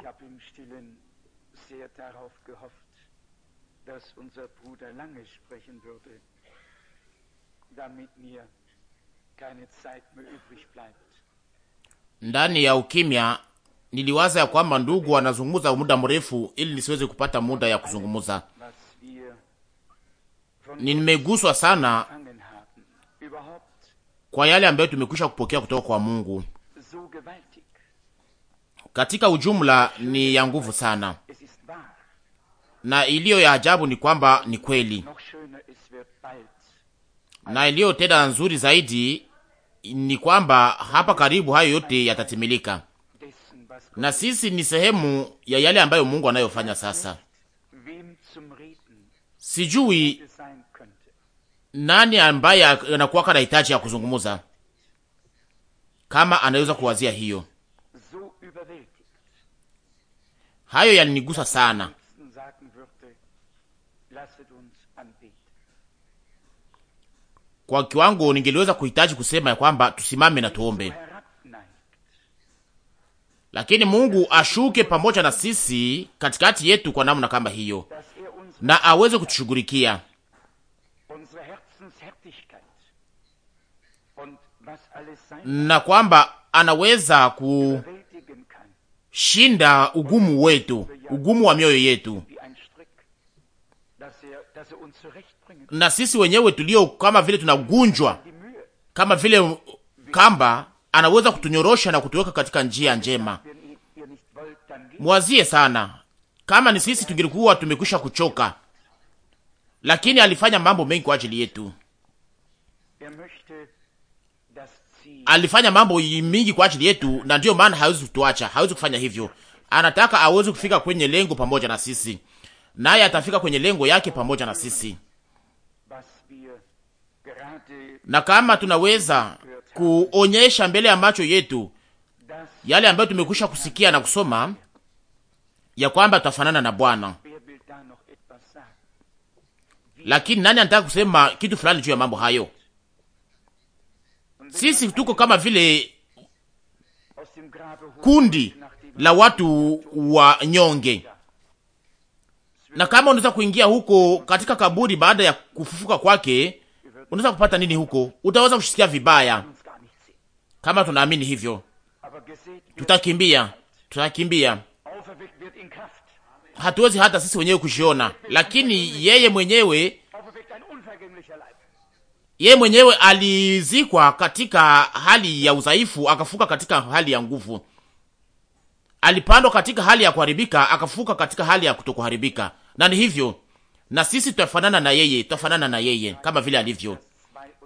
Ich habe im stillen sehr darauf gehofft, dass unser Bruder lange sprechen würde, damit mir keine Zeit mehr übrig bleibt. Ndani ya ukimya niliwaza ya kwamba ndugu anazungumza muda mrefu, ili nisiweze kupata muda ya kuzungumza. Nimeguswa sana kwa yale ambayo tumekwisha kupokea kutoka kwa Mungu katika ujumla ni ya nguvu sana, na iliyo ya ajabu ni kwamba ni kweli, na iliyo tena nzuri zaidi ni kwamba hapa karibu hayo yote yatatimilika, na sisi ni sehemu ya yale ambayo Mungu anayofanya sasa. Sijui nani ambaye anakuwa na hitaji ya kuzungumuza, kama anaweza kuwazia hiyo Hayo yalinigusa sana. Kwa kiwango ningeliweza kuhitaji kusema ya kwamba tusimame na tuombe, lakini Mungu ashuke pamoja na sisi katikati yetu kwa namna kama hiyo, na aweze kutushughulikia na kwamba anaweza ku shinda ugumu wetu, ugumu wa mioyo yetu, na sisi wenyewe tulio kama vile tunagunjwa kama vile kamba, anaweza kutunyorosha na kutuweka katika njia njema. Mwazie sana kama ni sisi tungelikuwa tumekwisha kuchoka, lakini alifanya mambo mengi kwa ajili yetu alifanya mambo mingi kwa ajili yetu, na ndiyo maana hawezi kutuacha, hawezi kufanya hivyo. Anataka aweze kufika kwenye lengo pamoja na sisi, naye atafika kwenye lengo yake pamoja na sisi. Na kama tunaweza kuonyesha mbele ya macho yetu yale ambayo tumekwisha kusikia na kusoma, ya kwamba tutafanana na Bwana. Lakini nani anataka kusema kitu fulani juu ya mambo hayo? Sisi tuko kama vile kundi la watu wa nyonge, na kama unaweza kuingia huko katika kaburi baada ya kufufuka kwake, unaweza kupata nini huko? Utaweza kushisikia vibaya kama tunaamini hivyo. Tutakimbia, tutakimbia, hatuwezi hata sisi wenyewe kushiona, lakini yeye mwenyewe Ye mwenyewe alizikwa katika hali ya udhaifu, akafuka katika hali ya nguvu. Alipandwa katika hali ya kuharibika, akafuka katika hali ya kutokuharibika. Na ni hivyo na sisi tutafanana na yeye, tutafanana na yeye kama vile alivyo.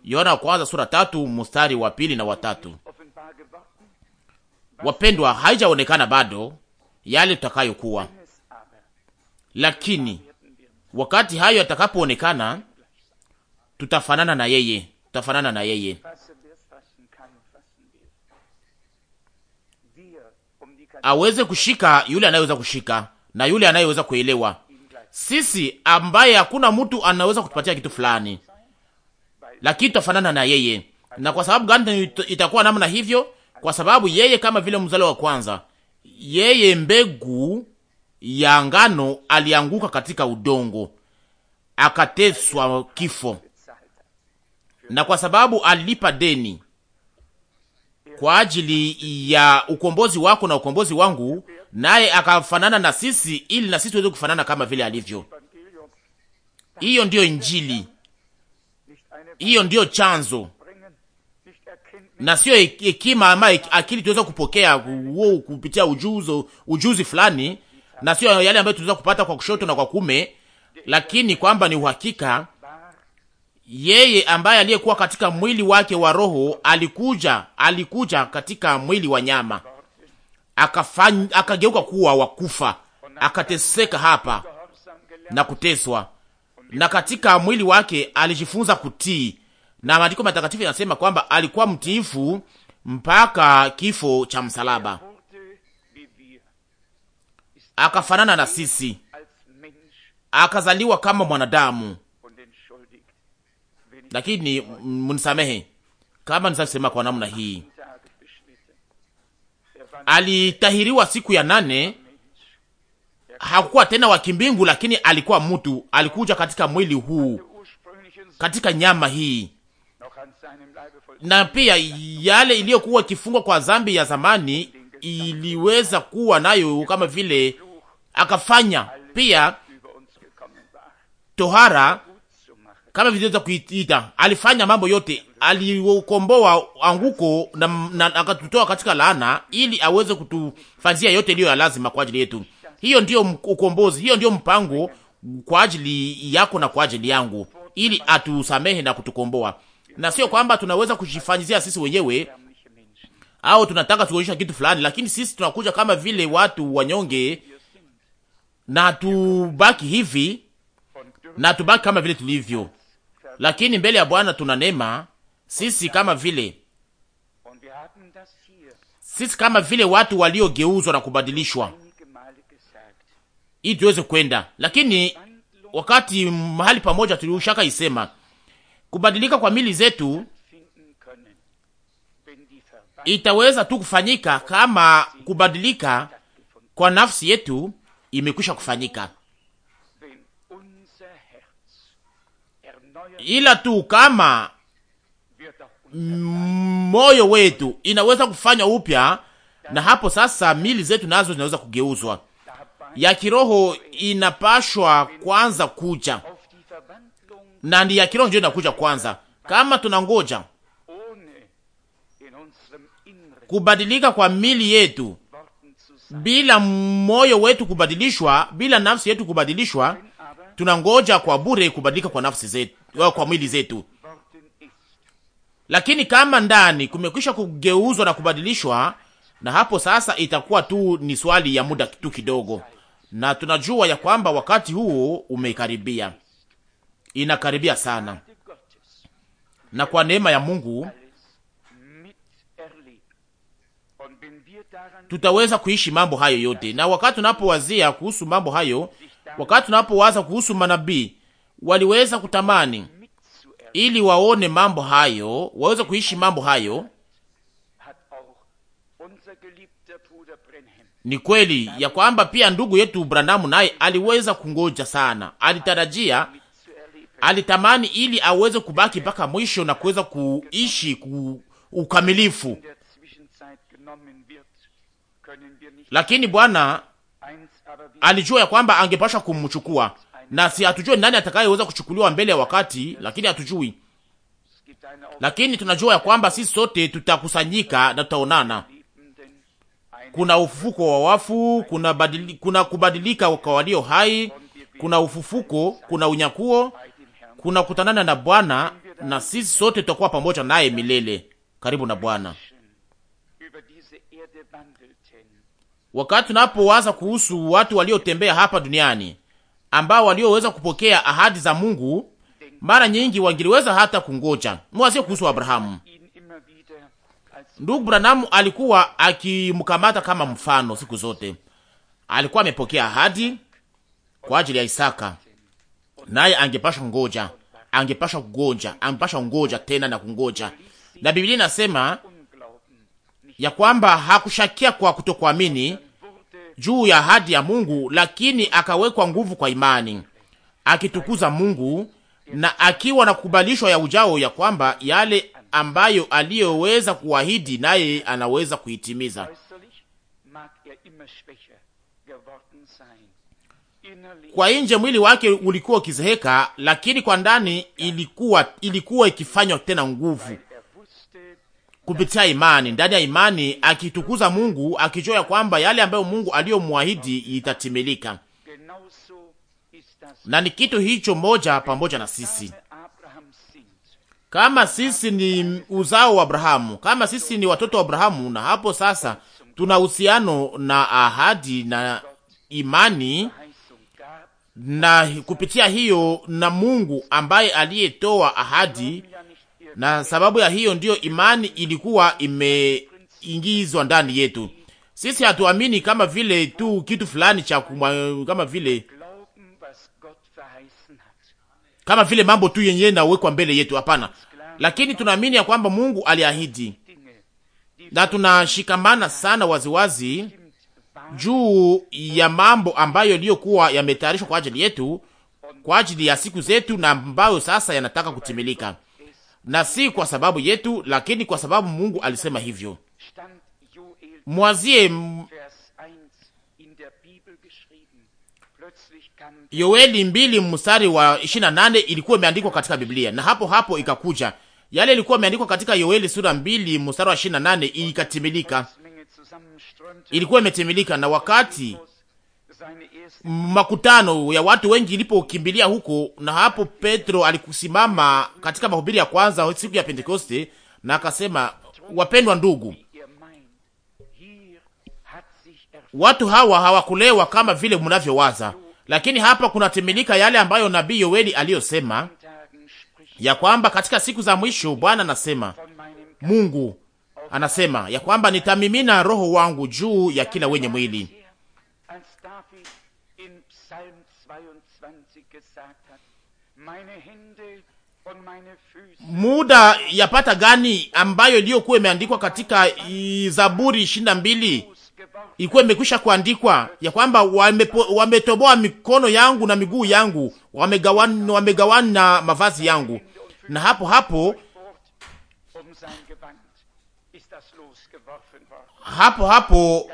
Yohana kwanza sura tatu mstari wa pili na watatu. Wapendwa, haijaonekana bado yale tutakayokuwa, lakini wakati hayo yatakapoonekana tutafanana na yeye, tutafanana na yeye. aweze kushika yule anayeweza kushika na yule anayeweza kuelewa. Sisi ambaye hakuna mtu anaweza kutupatia kitu fulani, lakini tutafanana na yeye. Na kwa sababu gani itakuwa namna hivyo? Kwa sababu yeye kama vile mzalo wa kwanza, yeye mbegu ya ngano alianguka katika udongo, akateswa kifo, na kwa sababu alilipa deni kwa ajili ya ukombozi wako na ukombozi wangu, naye akafanana na sisi, ili na sisi tuweze kufanana kama vile alivyo. Hiyo ndiyo Injili, hiyo ndiyo chanzo, na sio hekima ama akili tuweza kupokea uo kupitia ujuzo, ujuzi fulani, na sio yale ambayo tunaweza kupata kwa kushoto na kwa kume, lakini kwamba ni uhakika yeye ambaye aliyekuwa katika mwili wake wa roho alikuja, alikuja katika mwili wa nyama akageuka kuwa wakufa, akateseka hapa na kuteswa, na katika mwili wake alijifunza kutii, na maandiko matakatifu yanasema kwamba alikuwa mtiifu mpaka kifo cha msalaba, akafanana na sisi, akazaliwa kama mwanadamu lakini mnisamehe kama nisasema kwa namna hii. Alitahiriwa siku ya nane, hakukuwa tena wa kimbingu, lakini alikuwa mtu, alikuja katika mwili huu, katika nyama hii, na pia yale iliyokuwa ikifungwa kwa dhambi ya zamani iliweza kuwa nayo, kama vile akafanya pia tohara kama viliweza kuiita, alifanya mambo yote, aliukomboa anguko na, na akatutoa katika laana, ili aweze kutufanzia yote iliyo ya lazima kwa ajili yetu. Hiyo ndiyo ukombozi, hiyo ndiyo mpango kwa ajili yako na kwa ajili yangu, ili atusamehe na kutukomboa, na sio kwamba tunaweza kujifanyizia sisi wenyewe au tunataka tuonyesha kitu fulani, lakini sisi tunakuja kama vile watu wanyonge, na tubaki hivi na tubaki kama vile tulivyo lakini mbele ya Bwana tuna neema sisi kama vile sisi kama vile watu waliogeuzwa na kubadilishwa ili tuweze kwenda. Lakini wakati mahali pamoja tuliushaka isema kubadilika kwa mili zetu itaweza tu kufanyika kama kubadilika kwa nafsi yetu imekwisha kufanyika. ila tu kama moyo wetu inaweza kufanywa upya, na hapo sasa mili zetu nazo zinaweza kugeuzwa. Ya kiroho inapashwa kwanza kuja, na ndi ya kiroho ndio inakuja kwanza. Kama tunangoja kubadilika kwa mili yetu bila moyo wetu kubadilishwa, bila nafsi yetu kubadilishwa tunangoja kwa bure kubadilika kwa nafsi zetu, eh, kwa mwili zetu, lakini kama ndani kumekwisha kugeuzwa na kubadilishwa, na hapo sasa itakuwa tu ni swali ya muda tu kidogo, na tunajua ya kwamba wakati huo umekaribia, inakaribia sana, na kwa neema ya Mungu tutaweza kuishi mambo hayo yote, na wakati tunapowazia kuhusu mambo hayo Wakati tunapowaza kuhusu manabii, waliweza kutamani ili waone mambo hayo, waweze kuishi mambo hayo. Ni kweli ya kwamba pia ndugu yetu Brandamu naye aliweza kungoja sana, alitarajia, alitamani ili aweze kubaki mpaka mwisho na kuweza kuishi ku ukamilifu, lakini Bwana alijua ya kwamba angepasha kumchukua, na si hatujue nani atakayeweza kuchukuliwa mbele ya wakati, lakini hatujui, lakini tunajua ya kwamba sisi sote tutakusanyika na tutaonana. Kuna ufufuko wa wafu, kuna badili, kuna kubadilika kwa walio hai, kuna ufufuko, kuna unyakuo, kuna kutanana na Bwana, na sisi sote tutakuwa pamoja naye milele karibu na Bwana. Wakati tunapowaza kuhusu watu waliotembea hapa duniani ambao walioweza kupokea ahadi za Mungu, mara nyingi wangeliweza hata kungoja. Mwazie kuhusu Abrahamu. Ndugu Branham alikuwa akimkamata kama mfano siku zote. Alikuwa amepokea ahadi kwa ajili ya Isaka, naye angepasha ngoja, angepasha kugonja, angepasha ngoja tena na kungoja, na Biblia inasema ya kwamba hakushakia kwa kutokuamini juu ya ahadi ya Mungu, lakini akawekwa nguvu kwa imani, akitukuza Mungu na akiwa na kukubalishwa ya ujao ya kwamba yale ambayo aliyoweza kuahidi naye anaweza kuitimiza. Kwa nje mwili wake ulikuwa ukizeheka, lakini kwa ndani ilikuwa ilikuwa ikifanywa tena nguvu kupitia imani, ndani ya imani, akitukuza Mungu, akijua ya kwamba yale ambayo Mungu aliyomwahidi itatimilika. Na ni kitu hicho moja pamoja na sisi, kama sisi ni uzao wa Abrahamu, kama sisi ni watoto wa Abrahamu, na hapo sasa tuna uhusiano na ahadi na imani na kupitia hiyo na Mungu ambaye aliyetoa ahadi na sababu ya hiyo ndiyo imani ilikuwa imeingizwa ndani yetu. Sisi hatuamini kama vile tu kitu fulani cha kama vile kama vile mambo tu yenyewe nawekwa mbele yetu, hapana, lakini tunaamini ya kwamba Mungu aliahidi, na tunashikamana sana waziwazi wazi juu ya mambo ambayo iliyokuwa yametayarishwa kwa ajili yetu, kwa ajili ya siku zetu, na ambayo sasa yanataka kutimilika na si kwa sababu yetu, lakini kwa sababu Mungu alisema hivyo. Mwazie Yoeli mbili mstari wa 28 ilikuwa imeandikwa katika Biblia, na hapo hapo ikakuja yale ilikuwa imeandikwa katika Yoeli sura mbili mstari wa 28 ikatimilika, ilikuwa imetimilika. Na wakati makutano ya watu wengi ilipokimbilia huko, na hapo Petro alikusimama katika mahubiri ya kwanza siku ya Pentekoste na akasema, wapendwa ndugu, watu hawa hawakulewa kama vile mnavyowaza, lakini hapa kunatimilika yale ambayo nabii Yoeli aliyosema ya kwamba katika siku za mwisho Bwana anasema, Mungu anasema ya kwamba nitamimina roho wangu juu ya kila wenye mwili muda yapata gani ambayo iliyokuwa imeandikwa katika Zaburi ishirini na mbili ilikuwa imekwisha kuandikwa ya kwamba wametoboa wame mikono yangu na miguu yangu, wamegawana wamegawana mavazi yangu, na hapo hapo um hapo hapo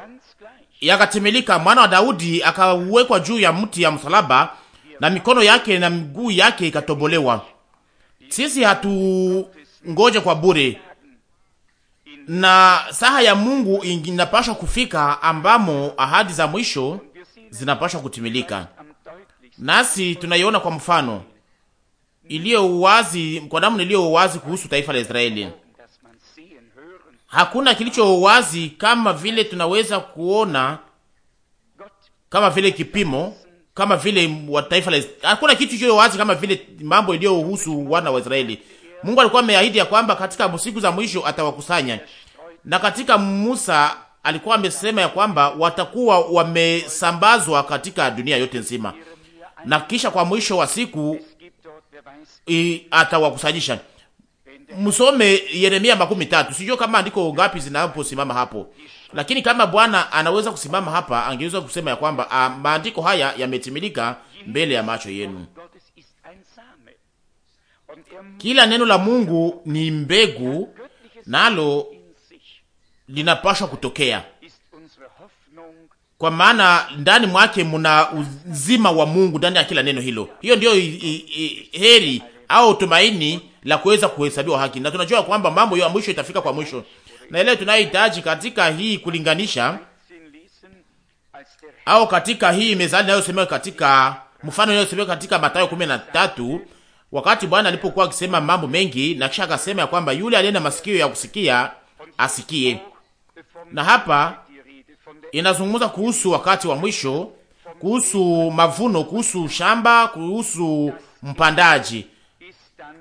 yakatimilika, mwana wa Daudi akawekwa juu ya mti ya msalaba, na mikono yake na miguu yake ikatobolewa. Sisi hatungoje kwa bure, na saha ya Mungu inapashwa kufika, ambamo ahadi za mwisho zinapashwa kutimilika. Nasi tunaiona kwa mfano iliyo wazi, kwa namna iliyo wazi kuhusu taifa la Israeli hakuna kilicho wazi kama vile tunaweza kuona, kama vile kipimo, kama vile wa taifa la, hakuna kitu kilicho wazi kama vile mambo iliyohusu wana wa Israeli. Mungu alikuwa ameahidi ya kwamba katika siku za mwisho atawakusanya, na katika Musa alikuwa amesema ya kwamba watakuwa wamesambazwa katika dunia yote nzima, na kisha kwa mwisho wa siku atawakusanyisha msome Yeremia makumi tatu. Sijua kama andiko ngapi zinaposimama hapo, lakini kama Bwana anaweza kusimama hapa, angeweza kusema ya kwamba ah, maandiko haya yametimilika mbele ya macho yenu. Kila neno la Mungu ni mbegu, nalo linapashwa kutokea, kwa maana ndani mwake muna uzima wa Mungu ndani ya kila neno hilo. Hiyo ndiyo heri au tumaini la kuweza kuhesabiwa haki, na tunajua kwamba mambo ya mwisho itafika kwa mwisho, na ile tunayohitaji katika hii kulinganisha au katika hii mezali inayosemewa katika mfano inayosemewa katika Mathayo 13 wakati Bwana alipokuwa akisema mambo mengi na kisha akasema ya kwamba yule aliye na masikio ya kusikia asikie. Na hapa inazungumza kuhusu wakati wa mwisho, kuhusu mavuno, kuhusu shamba, kuhusu mpandaji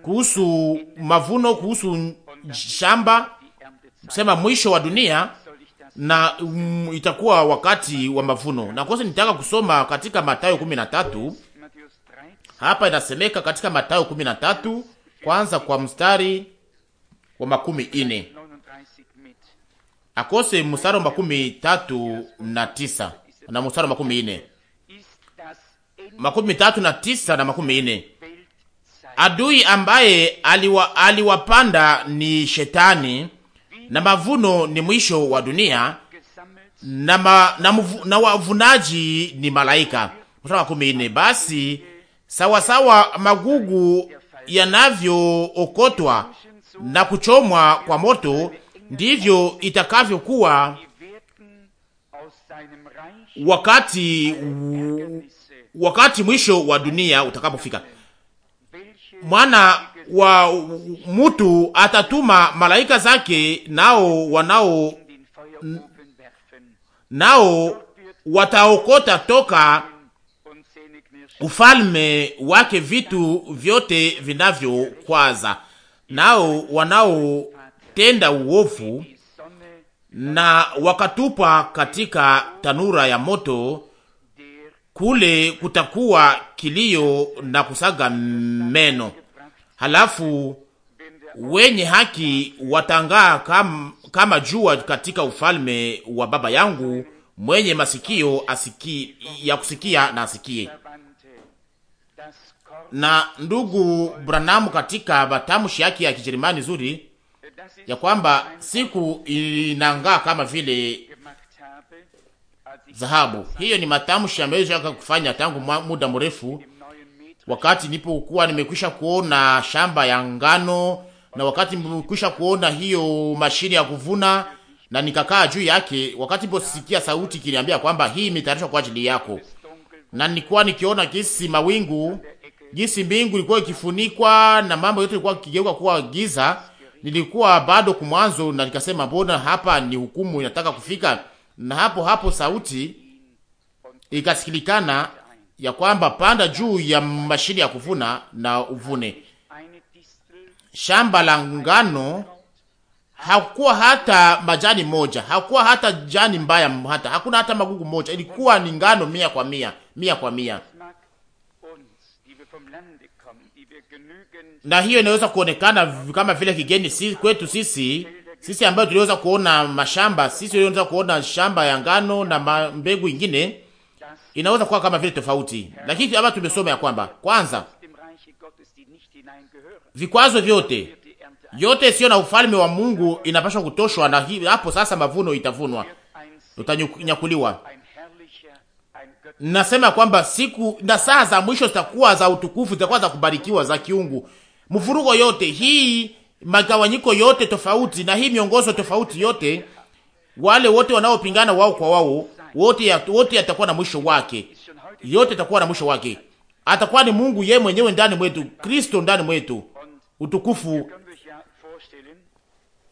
kuhusu mavuno, kuhusu shamba, sema mwisho wa dunia na um, itakuwa wakati wa mavuno. Na kwanza nitaka kusoma katika Mathayo 13. Hapa inasemeka katika Mathayo 13 kwanza kwa mstari wa makumi ine akose mstari wa makumi tatu na tisa na mstari wa makumi ine makumi tatu na tisa na makumi ine Adui ambaye aliwa, aliwapanda ni Shetani, na mavuno ni mwisho wa dunia, na, ma, na, mvu, na wavunaji ni malaika. kumi nne. Basi sawasawa magugu yanavyookotwa na kuchomwa kwa moto, ndivyo itakavyokuwa wakati wakati mwisho wa dunia utakapofika mwana wa mutu atatuma malaika zake, nao wanao nao wataokota toka ufalme wake vitu vyote vinavyokwaza, nao wanaotenda uovu na wakatupwa katika tanura ya moto kule kutakuwa kilio na kusaga meno. Halafu wenye haki watangaa kama, kama jua katika ufalme wa Baba yangu. Mwenye masikio asiki, ya kusikia na asikie. Na ndugu Branamu katika matamshi yake ya Kijerumani nzuri ya kwamba siku inang'aa kama vile dhahabu. Hiyo ni matamshi ambayo shaka kufanya tangu muda mrefu, wakati nilipokuwa nimekwisha kuona shamba ya ngano na wakati nimekwisha kuona hiyo mashine ya kuvuna na nikakaa juu yake, wakati niliposikia sauti kiliambia kwamba hii imetayarishwa kwa ajili yako, na nilikuwa nikiona jinsi mawingu jinsi mbingu ilikuwa ikifunikwa na mambo yote ilikuwa kigeuka kuwa giza. Nilikuwa bado kumwanzo, na nikasema mbona hapa ni hukumu inataka kufika na hapo hapo sauti ikasikilikana ya kwamba panda juu ya mashini ya kuvuna na uvune. Shamba la ngano hakuwa hata majani moja, hakuwa hata jani mbaya, hata hakuna hata magugu moja, ilikuwa ni ngano mia kwa mia, mia kwa mia. Na hiyo inaweza kuonekana kama vile kigeni si, kwetu sisi sisi ambayo tuliweza kuona mashamba, sisi tuliweza kuona shamba ya ngano na mbegu ingine inaweza kuwa kama vile tofauti, lakini hapa tumesoma ya kwamba kwanza, vikwazo vyote yote sio na ufalme wa Mungu inapaswa kutoshwa, na hapo sasa mavuno itavunwa, utanyakuliwa. Nasema kwamba siku na saa za mwisho zitakuwa za utukufu, zitakuwa za kubarikiwa, za kiungu. Mvurugo yote hii magawanyiko yote tofauti na hii miongozo tofauti yote, wale wote wanaopingana wao kwa wao, wote wote atakuwa na mwisho wake, yote atakuwa na mwisho wake. Atakuwa ni Mungu yeye mwenyewe ndani mwetu, Kristo ndani mwetu, utukufu.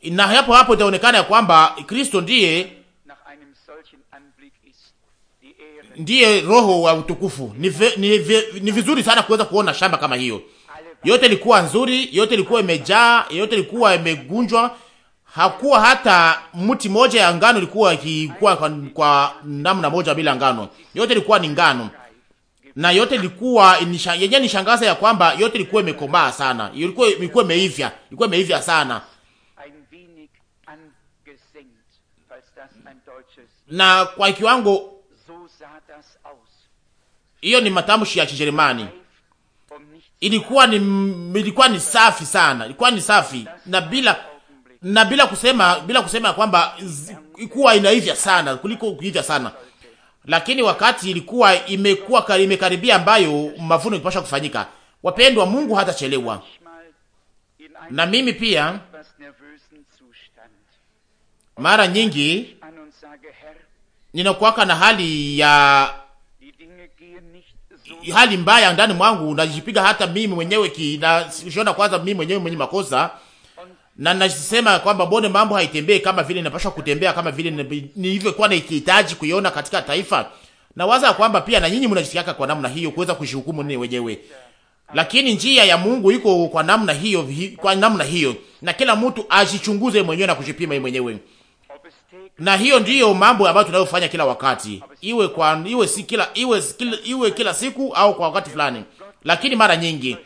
Na hapo hapo itaonekana ya kwamba Kristo ndiye ndiye roho wa utukufu. Ni, ve, ni, ve, ni vizuri sana kuweza kuona shamba kama hiyo yote ilikuwa nzuri, yote ilikuwa imejaa, yote ilikuwa imegunjwa. Hakuwa hata mti moja ya ngano ilikuwa ikikuwa kwa, kwa namna moja bila ngano, yote ilikuwa ni ngano na yote ilikuwa yenyewe. Nishangaza ya kwamba yote ilikuwa imekomaa sana, ilikuwa ilikuwa imeivya, ilikuwa imeivya sana na kwa kiwango hiyo. Ni matamshi ya Kijerumani ilikuwa ni ilikuwa ni safi sana, ilikuwa ni safi na bila na bila kusema bila kusema kwamba ilikuwa inaivya sana kuliko kuivya sana, lakini wakati ilikuwa imekuwa imekaribia, ambayo mavuno ipasha kufanyika. Wapendwa, Mungu hatachelewa, na mimi pia mara nyingi ninakuwaka na hali ya hali mbaya ndani mwangu, najipiga hata mimi mwenyewe ki na shona kwanza mimi mwenyewe mwenye makosa, na nasema kwamba mbona mambo haitembei kama vile inapaswa kutembea, kama vile nilivyokuwa nikihitaji kuiona katika taifa. Na waza kwamba pia na nyinyi mnajisikia kwa namna hiyo kuweza kujihukumu ninyi wenyewe, lakini njia ya Mungu iko kwa namna hiyo, kwa namna hiyo, na kila mtu ajichunguze mwenyewe na kujipima mwenyewe na hiyo ndiyo mambo ambayo tunayofanya kila wakati, iwe kwa iwe si kila iwe kila, iwe kila siku au kwa wakati fulani, lakini mara nyingi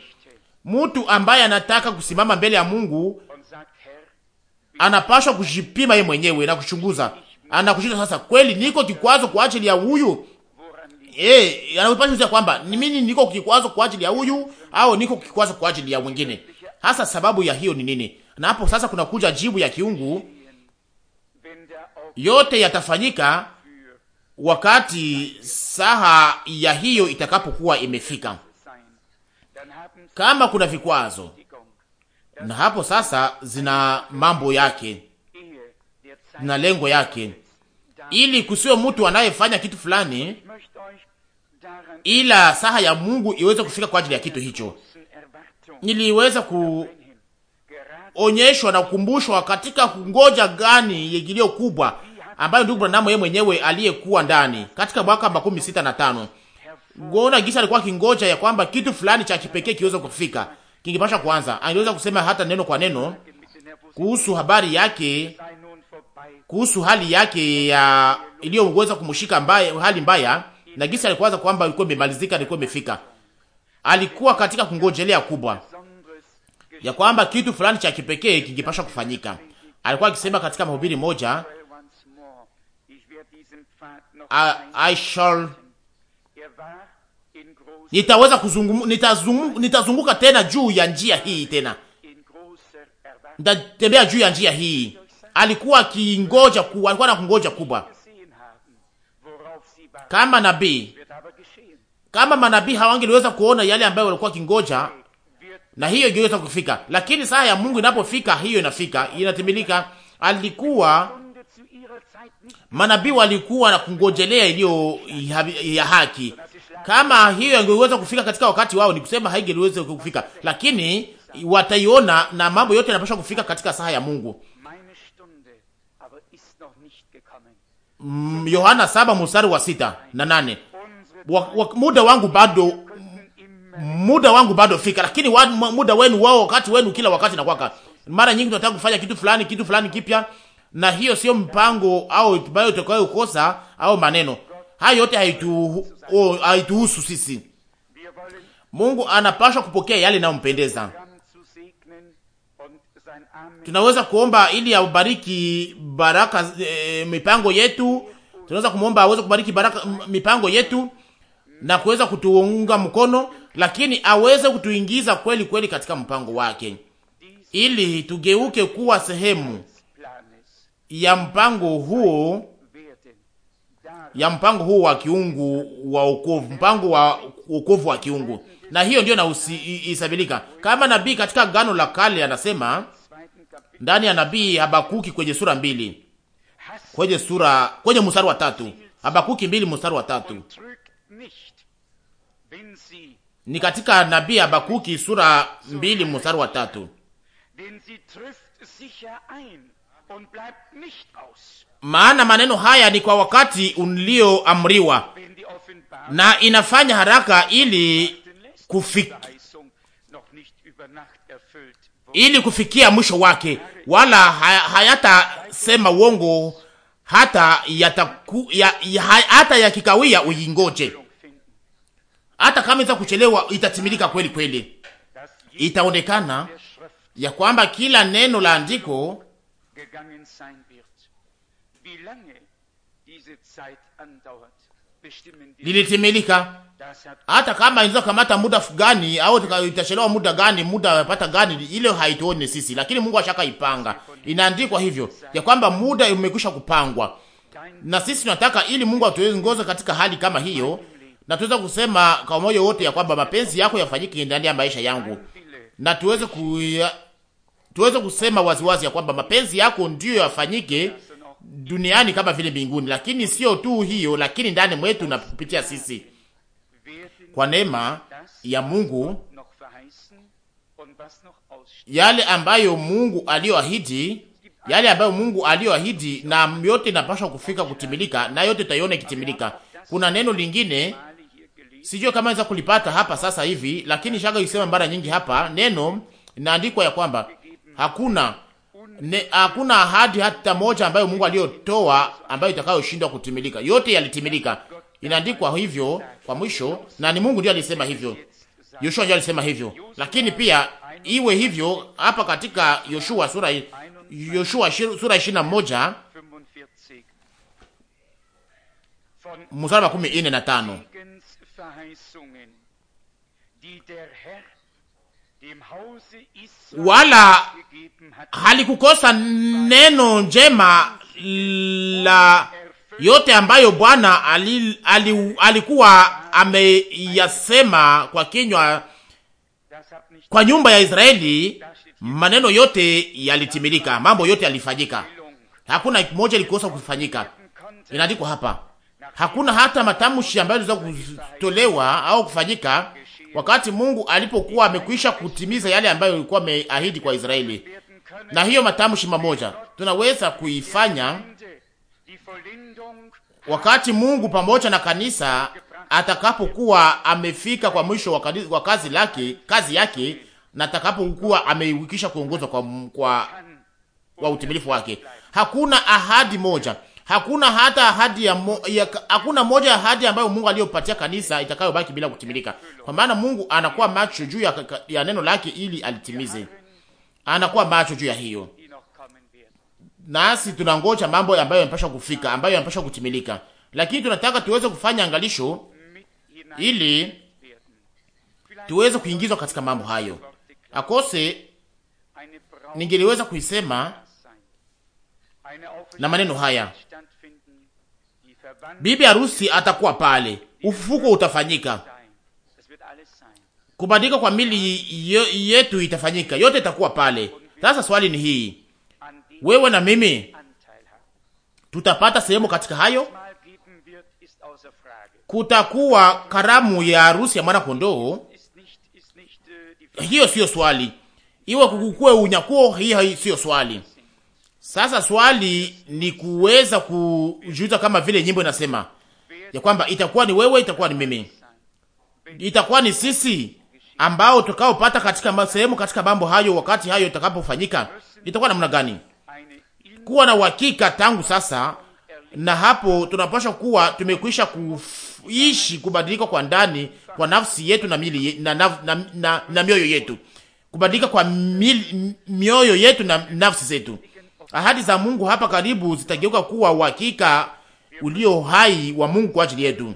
mtu ambaye anataka kusimama mbele ya Mungu anapashwa kujipima yeye mwenyewe na kuchunguza. Anakushinda sasa, kweli niko kikwazo kwa ajili ya huyu eh, anapashwa kwamba ni mimi niko kikwazo kwa ajili ya huyu au niko kikwazo kwa ajili ya mwingine. Hasa sababu ya hiyo ni nini? Na hapo sasa kuna kuja jibu ya kiungu yote yatafanyika wakati saha ya hiyo itakapokuwa imefika. Kama kuna vikwazo, na hapo sasa zina mambo yake na lengo yake, ili kusiwe mtu anayefanya kitu fulani, ila saha ya Mungu iweze kufika kwa ajili ya kitu hicho. Niliweza ku onyeshwa na kukumbushwa katika kungoja gani yegilio kubwa ambayo ndugu Branham yeye mwenyewe aliyekuwa ndani katika mwaka makumi sita na tano. Gona gisa alikuwa kingoja ya kwamba kitu fulani cha kipekee kiweze kufika. Kingepasha kwanza, angeweza kusema hata neno kwa neno kuhusu habari yake, kuhusu hali yake ya iliyoweza kumshika mbaya, hali mbaya, na gisa alikuwaza kwamba ilikuwa imemalizika, ilikuwa imefika. Alikuwa katika kungojelea kubwa ya kwamba kitu fulani cha kipekee kingepashwa kufanyika. Alikuwa akisema katika mahubiri moja, I, shall nitaweza kuzungumza, nitazungu, nitazunguka tena juu ya njia hii tena nitatembea juu ya njia hii. Alikuwa akingoja ku, alikuwa na kungoja kubwa kama nabii. Kama manabii hawangeliweza kuona yale ambayo walikuwa kingoja, na hiyo ingeweza kufika, lakini saa ya Mungu inapofika, hiyo inafika, inatimilika. Alikuwa manabii walikuwa na kungojelea iliyo ya haki. Kama hiyo ingeweza kufika katika wakati wao, ni kusema haingeweza kufika, lakini wataiona, na mambo yote yanapaswa kufika katika saa ya Mungu. Mm, Yohana 7 mstari wa sita na nane. Wa, wa, muda wangu bado muda wangu bado fika, lakini wa, muda wenu wao, wakati wenu kila wakati na kwaka. Mara nyingi tunataka kufanya kitu fulani, kitu fulani kipya, na hiyo sio mpango au bayo utakayo kukosa au maneno hayo yote haitu haituhusu sisi. Mungu anapaswa kupokea yale yanayompendeza. Tunaweza kuomba ili abariki baraka e, mipango yetu. Tunaweza kumwomba aweze kubariki baraka mipango yetu na kuweza kutuunga mkono lakini aweze kutuingiza kweli kweli katika mpango wake, ili tugeuke kuwa sehemu ya mpango huo ya mpango huo wa kiungu wa wokovu, mpango wa wokovu wa kiungu. Na hiyo ndio na kama nabii katika gano la kale anasema ndani ya nabii Habakuki kwenye sura mbili kwenye sura kwenye mstari wa tatu Habakuki mbili mstari wa tatu ni katika nabii Habakuki sura mbili mstari wa tatu. Maana maneno haya ni kwa wakati ulioamriwa na inafanya haraka ili kufik... ili kufikia mwisho wake, wala hayatasema uongo hata yataku... ya... hata yakikawia uingoje hata kama iza kuchelewa, itatimilika kweli kweli, itaonekana ya kwamba kila neno la andiko lilitimilika, hata kama inaweza kukamata muda gani au itachelewa muda gani, muda wapata gani, ile haituone sisi, lakini Mungu ashaka ipanga. Inaandikwa hivyo ya kwamba muda umekwisha kupangwa, na sisi tunataka ili Mungu atuongoze katika hali kama hiyo na tuweza kusema kwa moyo wote ya kwamba mapenzi yako yafanyike ndani ya maisha yangu, na tuweze ku tuweze kusema waziwazi wazi ya kwamba mapenzi yako ndiyo yafanyike duniani kama vile mbinguni, lakini sio tu hiyo, lakini ndani mwetu na kupitia sisi kwa neema ya Mungu yale ambayo Mungu aliyoahidi, yale ambayo Mungu aliyoahidi, na yote inapaswa kufika kutimilika, na yote taiona ikitimilika. Kuna neno lingine Sijui kama naweza kulipata hapa sasa hivi, lakini shaka ikisema mara nyingi hapa neno inaandikwa ya kwamba hakuna ne, hakuna ahadi hata moja ambayo Mungu aliyotoa ambayo itakayoshindwa kutimilika. Yote yalitimilika. Inaandikwa hivyo kwa mwisho, na ni Mungu ndiye alisema hivyo. Yoshua ndiye alisema hivyo. Lakini pia iwe hivyo hapa katika Yoshua sura Yoshua sura 21 mstari wa 45 wala halikukosa neno njema la yote ambayo Bwana ali, ali, alikuwa ameyasema kwa kinywa kwa nyumba ya Israeli. Maneno yote yalitimilika, mambo yote yalifanyika, hakuna moja ilikosa kufanyika. Inaandikwa hapa hakuna hata matamshi ambayo iliweza kutolewa au kufanyika wakati Mungu alipokuwa amekwisha kutimiza yale ambayo alikuwa ameahidi kwa Israeli. Na hiyo matamshi mamoja tunaweza kuifanya wakati Mungu pamoja na kanisa atakapokuwa amefika kwa mwisho wa kazi lake, kazi yake na atakapokuwa ameiwikisha kuongozwa kwa, kwa, kwa utimilifu wake. Hakuna ahadi moja Hakuna hata ahadi ya, mo, ya hakuna moja ahadi ambayo Mungu aliyopatia kanisa itakayobaki bila kutimilika, kwa maana Mungu anakuwa macho juu ya, ya neno lake ili alitimize, anakuwa macho juu ya hiyo, nasi tunangoja mambo ambayo yanapaswa kufika, ambayo yanapaswa kutimilika, lakini tunataka tuweze kufanya angalisho ili tuweze kuingizwa katika mambo hayo. Akose ningeliweza kuisema na maneno haya, bibi harusi atakuwa pale, ufufuko utafanyika, kubadilika kwa mili yetu itafanyika, yote itakuwa pale. Sasa swali ni hii, wewe na mimi tutapata sehemu katika hayo? Kutakuwa karamu ya harusi ya mwana kondoo? Hiyo siyo swali. Iwe kukukue unyakuo, hii siyo swali. Sasa swali ni kuweza kujuta kama vile nyimbo inasema ya kwamba itakuwa ni wewe, itakuwa ni mimi, itakuwa ni sisi ambao tukaopata katika sehemu katika mambo hayo. Wakati hayo itakapofanyika, itakuwa namna gani? Kuwa na uhakika tangu sasa, na hapo tunapaswa kuwa tumekwisha kuishi kubadilika kwa ndani kwa nafsi yetu na mili, na, na, na, na, na mioyo yetu kubadilika kwa mil, mioyo yetu na nafsi zetu Ahadi za Mungu hapa karibu zitageuka kuwa uhakika ulio hai wa Mungu kwa ajili yetu,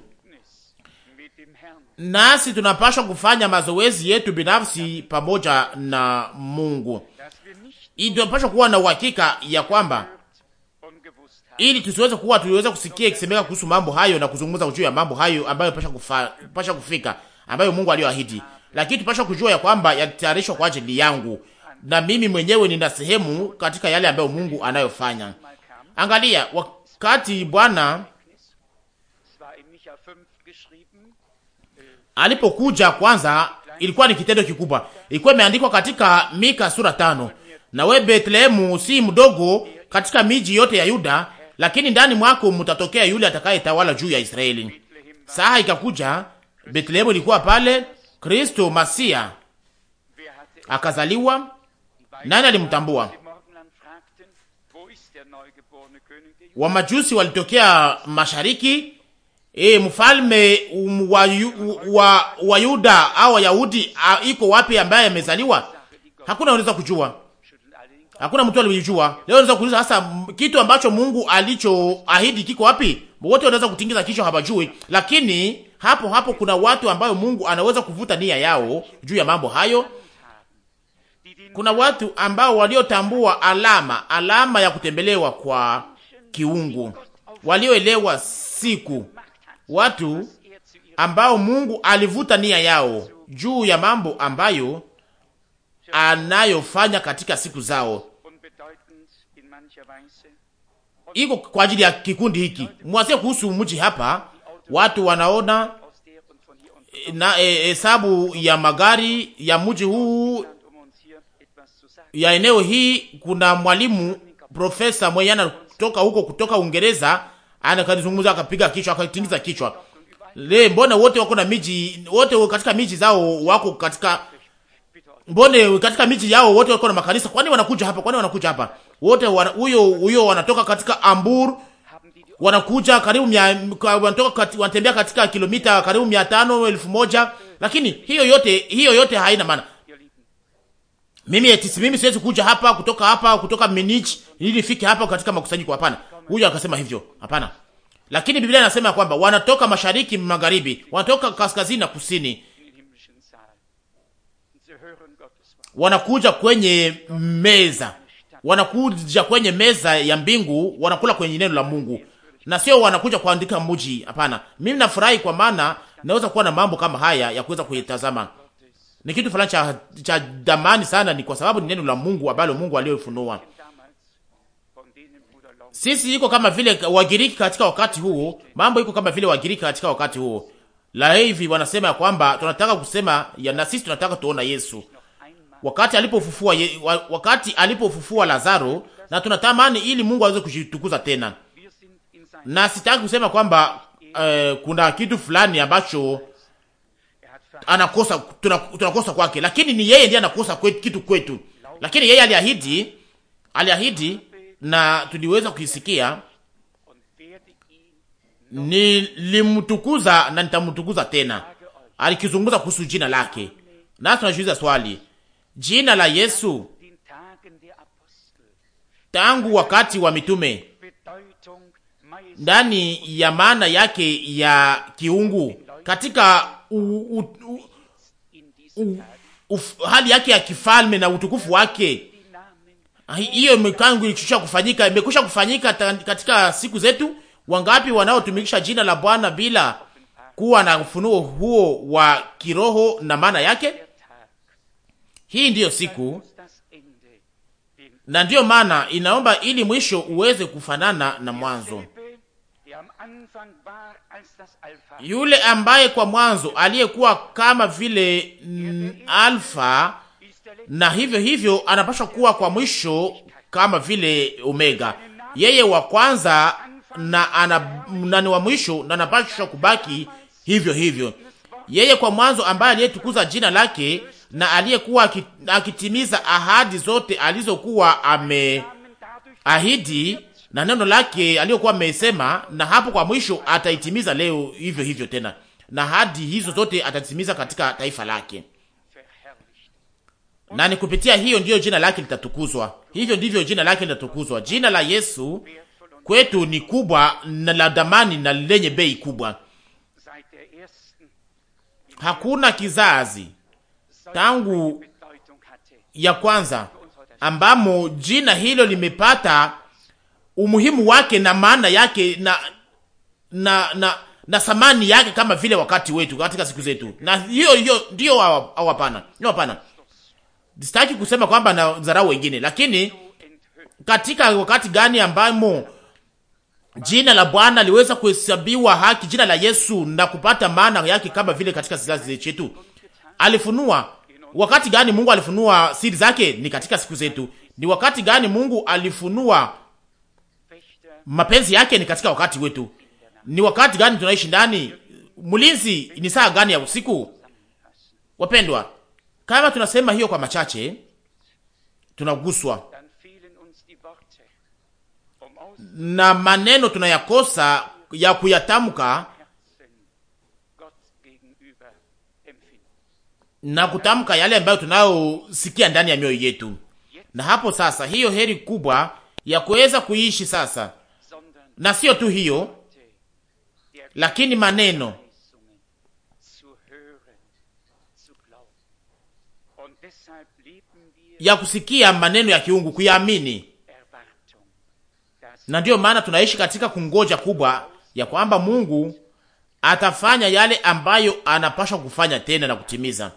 nasi tunapaswa kufanya mazoezi yetu binafsi pamoja na Mungu, ili tunapaswa kuwa na uhakika ya kwamba ili tusiweze kuwa tuliweza kusikia ikisemeka kuhusu mambo hayo na kuzungumza juu ya mambo hayo ambayo pasha, kufa, pasha kufika ambayo Mungu aliyoahidi, lakini tupasha kujua ya kwamba yalitayarishwa kwa ajili yangu na mimi mwenyewe nina sehemu katika yale ambayo Mungu anayofanya. Angalia wakati Bwana alipokuja kwanza, ilikuwa ni kitendo kikubwa, ilikuwa imeandikwa katika Mika sura tano, na we Betlehemu si mdogo katika miji yote ya Yuda, lakini ndani mwako mtatokea yule atakayetawala juu ya Israeli. Saa ikakuja, Betlehemu ilikuwa pale, Kristo Masia akazaliwa nani alimtambua? majusi walitokea mashariki. E, mfalme um, wa, wa, wa Yuda au Wayahudi iko wapi ambaye amezaliwa? Hakuna anaweza kujua, hakuna mtu alijua. Leo anaweza kuuliza hasa kitu ambacho Mungu alichoahidi kiko wapi? Wote wanaweza kutingiza kichwa, hawajui. Lakini hapo hapo kuna watu ambayo Mungu anaweza kuvuta nia yao juu ya mambo hayo kuna watu ambao waliotambua alama, alama ya kutembelewa kwa kiungu, walioelewa siku, watu ambao Mungu alivuta nia yao juu ya mambo ambayo anayofanya katika siku zao iko kwa ajili ya kikundi hiki. mwazie kuhusu mji hapa, watu wanaona eh, na eh, hesabu e, ya magari ya mji huu ya eneo hii kuna mwalimu profesa mwenye anatoka huko kutoka Uingereza, anakanizungumza akapiga kichwa akatingiza kichwa. Le, mbona wote wako na miji wote katika miji zao wako katika mbone katika miji yao wote wako na makanisa. Kwani wanakuja hapa? Kwani wanakuja hapa wote huyo wana, huyo wanatoka katika Ambur wanakuja karibu mia, wanatoka kati, wanatembea katika kilomita karibu mia tano elfu moja lakini hiyo yote hiyo yote haina maana. Mimi eti mimi siwezi kuja hapa kutoka hapa kutoka Munich ili nifike hapa katika makusanyiko, hapana. Huyo akasema hivyo, hapana. Lakini Biblia inasema kwamba wanatoka mashariki, magharibi, wanatoka kaskazini na kusini, wanakuja kwenye meza, wanakuja kwenye meza ya mbingu, wanakula kwenye neno la Mungu, na sio wanakuja kuandika mji. Hapana, mimi nafurahi kwa maana naweza kuwa na mambo kama haya ya kuweza kuitazama ni kitu fulani cha, cha damani sana, ni kwa sababu ni neno la Mungu ambalo Mungu aliyofunua. Sisi iko kama vile Wagiriki katika wakati huo, mambo iko kama vile Wagiriki katika wakati huo la hivi, wanasema ya kwamba tunataka kusema ya, na sisi tunataka tuona Yesu wakati alipofufua, wakati alipofufua Lazaro, na tunatamani ili Mungu aweze kujitukuza tena, na sitaki kusema kwamba eh, kuna kitu fulani ambacho anakosa, tunakosa kwake, lakini ni yeye ndiye anakosa kwetu, kitu kwetu, lakini yeye aliahidi, aliahidi na tuliweza kuisikia nilimtukuza na nitamtukuza tena. Alikizungumza kuhusu jina lake, na tunajiuliza swali, jina la Yesu tangu wakati wa mitume, ndani ya maana yake ya kiungu katika u, u, u, u, hali yake ya kifalme na utukufu wake. Ah, hiyo mikangu ilikwisha kufanyika, imekwisha kufanyika katika siku zetu. Wangapi wanaotumikisha jina la Bwana bila kuwa na ufunuo huo wa kiroho na maana yake? Hii ndiyo siku, na ndiyo maana inaomba ili mwisho uweze kufanana na mwanzo yule ambaye kwa mwanzo aliyekuwa kama vile alfa, na hivyo hivyo anapaswa kuwa kwa mwisho kama vile omega. Yeye wa kwanza na ana nani wa mwisho na anapaswa kubaki hivyo hivyo. Yeye kwa mwanzo ambaye aliyetukuza jina lake na aliyekuwa akitimiza ahadi zote alizokuwa ameahidi na neno lake aliyokuwa amesema, na hapo kwa mwisho ataitimiza leo hivyo hivyo tena, na hadi hizo zote atatimiza katika taifa lake, na ni kupitia hiyo ndiyo jina lake litatukuzwa. Hivyo ndivyo jina lake litatukuzwa. Jina la Yesu kwetu ni kubwa na la damani na lenye bei kubwa. Hakuna kizazi tangu ya kwanza ambamo jina hilo limepata umuhimu wake na maana yake na na na na thamani yake kama vile wakati wetu katika siku zetu. Na hiyo hiyo ndio au hapana? Ndio hapana. Sitaki kusema kwamba na dharau wengine, lakini katika wakati gani ambamo jina la Bwana liweza kuhesabiwa haki, jina la Yesu na kupata maana yake kama vile katika siku zetu? Alifunua wakati gani Mungu alifunua siri zake? Ni katika siku zetu. Ni wakati gani Mungu alifunua mapenzi yake ni katika wakati wetu. Ni wakati gani tunaishi ndani? Mlinzi ni saa gani ya usiku? Wapendwa, kama tunasema hiyo kwa machache, tunaguswa na maneno tunayakosa ya kuyatamka na kutamka yale ambayo tunayosikia ndani ya mioyo yetu. Na hapo sasa, hiyo heri kubwa ya kuweza kuishi sasa na sio tu hiyo, lakini maneno ya kusikia, maneno ya kiungu kuyaamini. Na ndiyo maana tunaishi katika kungoja kubwa ya kwamba Mungu atafanya yale ambayo anapaswa kufanya tena na kutimiza.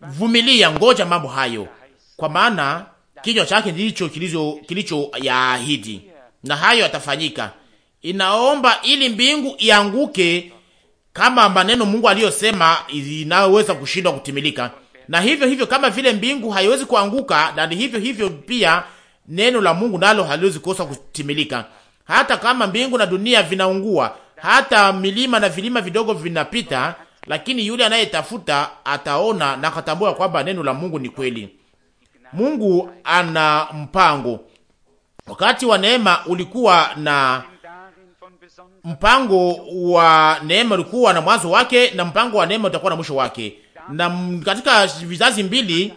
Vumilia, ngoja mambo hayo, kwa maana kinywa chake ndicho kilicho kilicho ahidi na hayo yatafanyika. Inaomba ili mbingu ianguke kama maneno Mungu aliyosema inayoweza kushindwa kutimilika. Na hivyo hivyo, kama vile mbingu haiwezi kuanguka, na hivyo hivyo pia neno la Mungu nalo haliwezi kosa kutimilika. Hata kama mbingu na dunia vinaungua, hata milima na vilima vidogo vinapita, lakini yule anayetafuta ataona na katambua kwamba neno la Mungu ni kweli. Mungu ana mpango Wakati wa neema ulikuwa na mpango wa neema ulikuwa na mwanzo wake, na mpango wa neema utakuwa na mwisho wake, na katika vizazi mbili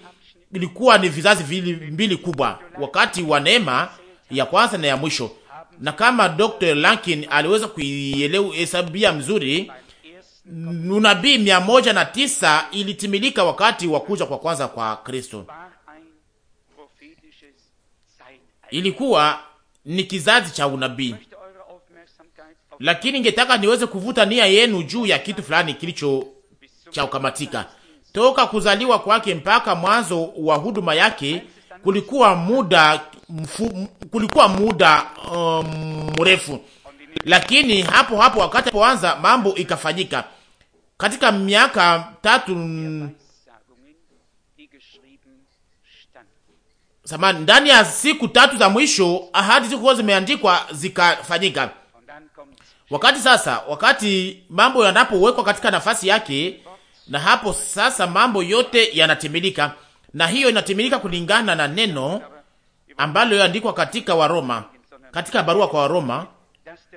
ilikuwa ni vizazi mbili kubwa, wakati wa neema ya kwanza na ya mwisho. Na kama Dr. Lankin aliweza kuielewa hesabia mzuri, unabii mia moja na tisa ilitimilika wakati wa kuja kwa kwanza kwa Kristo ilikuwa ni kizazi cha unabii, lakini ningetaka niweze kuvuta nia yenu juu ya kitu fulani kilicho cha ukamatika. Toka kuzaliwa kwake mpaka mwanzo wa huduma yake kulikuwa muda mfu, kulikuwa muda um, mrefu, lakini hapo hapo wakati alipoanza mambo ikafanyika katika miaka tatu samani, ndani ya siku tatu za mwisho ahadi zilikuwa zimeandikwa zikafanyika. Wakati sasa, wakati mambo yanapowekwa katika nafasi yake, na hapo sasa mambo yote yanatimilika, na hiyo inatimilika kulingana na neno ambalo yaandikwa katika Waroma, katika barua kwa Waroma.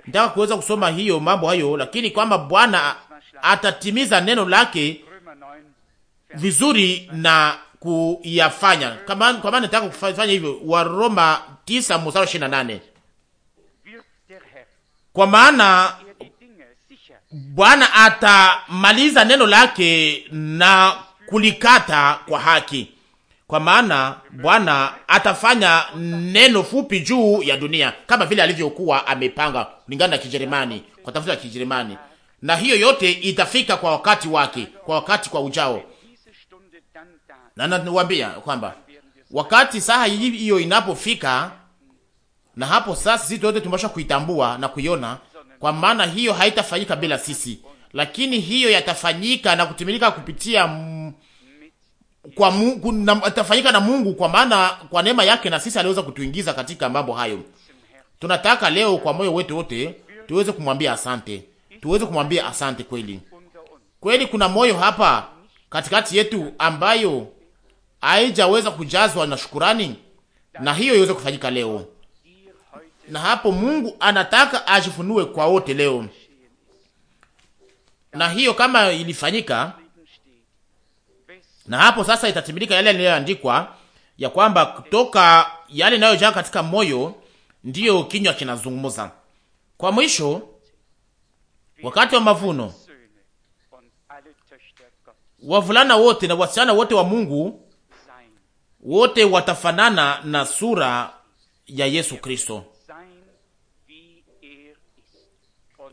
Nitaka kuweza kusoma hiyo mambo hayo, lakini kwamba Bwana atatimiza neno lake vizuri na kuyafanya, kwa maana nataka kufanya hivyo. Roma 9 mstari 28, kwa maana Bwana atamaliza neno lake na kulikata kwa haki, kwa maana Bwana atafanya neno fupi juu ya dunia kama vile alivyokuwa amepanga, kulingana na Kijerumani, kwa tafsiri ya Kijerumani, na hiyo yote itafika kwa wakati wake, kwa wakati kwa ujao na nawaambia kwamba wakati saa hiyo inapofika, na hapo sasa sisi wote tumesha kuitambua na kuiona, kwa maana hiyo haitafanyika bila sisi, lakini hiyo yatafanyika na kutimilika kupitia m... kwa Mungu na yatafanyika na Mungu, kwa maana kwa neema yake na sisi aliweza kutuingiza katika mambo hayo. Tunataka leo kwa moyo wetu wote tuweze kumwambia asante, tuweze kumwambia asante kweli kweli. Kuna moyo hapa katikati yetu ambayo haijaweza kujazwa na shukurani, na hiyo iweze kufanyika leo. Na hapo Mungu anataka ajifunue kwa wote leo, na hiyo kama ilifanyika, na hapo sasa itatimilika yale yaliyoandikwa ya kwamba kutoka yale inayojaa katika moyo ndiyo kinywa kinazungumza. Kwa mwisho, wakati wa mavuno, wavulana wote na wasichana wote wa Mungu wote watafanana na sura ya Yesu Kristo,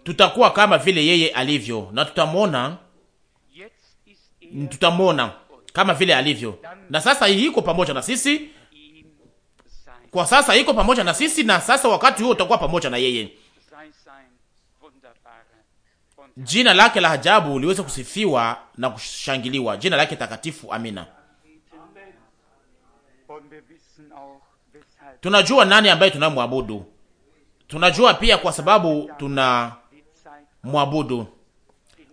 tutakuwa kama vile yeye alivyo, na tutamwona tutamwona kama vile alivyo. Na sasa iko pamoja na sisi kwa sasa, iko pamoja na sisi, na sasa wakati huo utakuwa pamoja na yeye. Jina lake la ajabu liweze kusifiwa na kushangiliwa, jina lake takatifu. Amina. Tunajua nani ambaye tunamwabudu. Tunajua pia kwa sababu tuna mwabudu.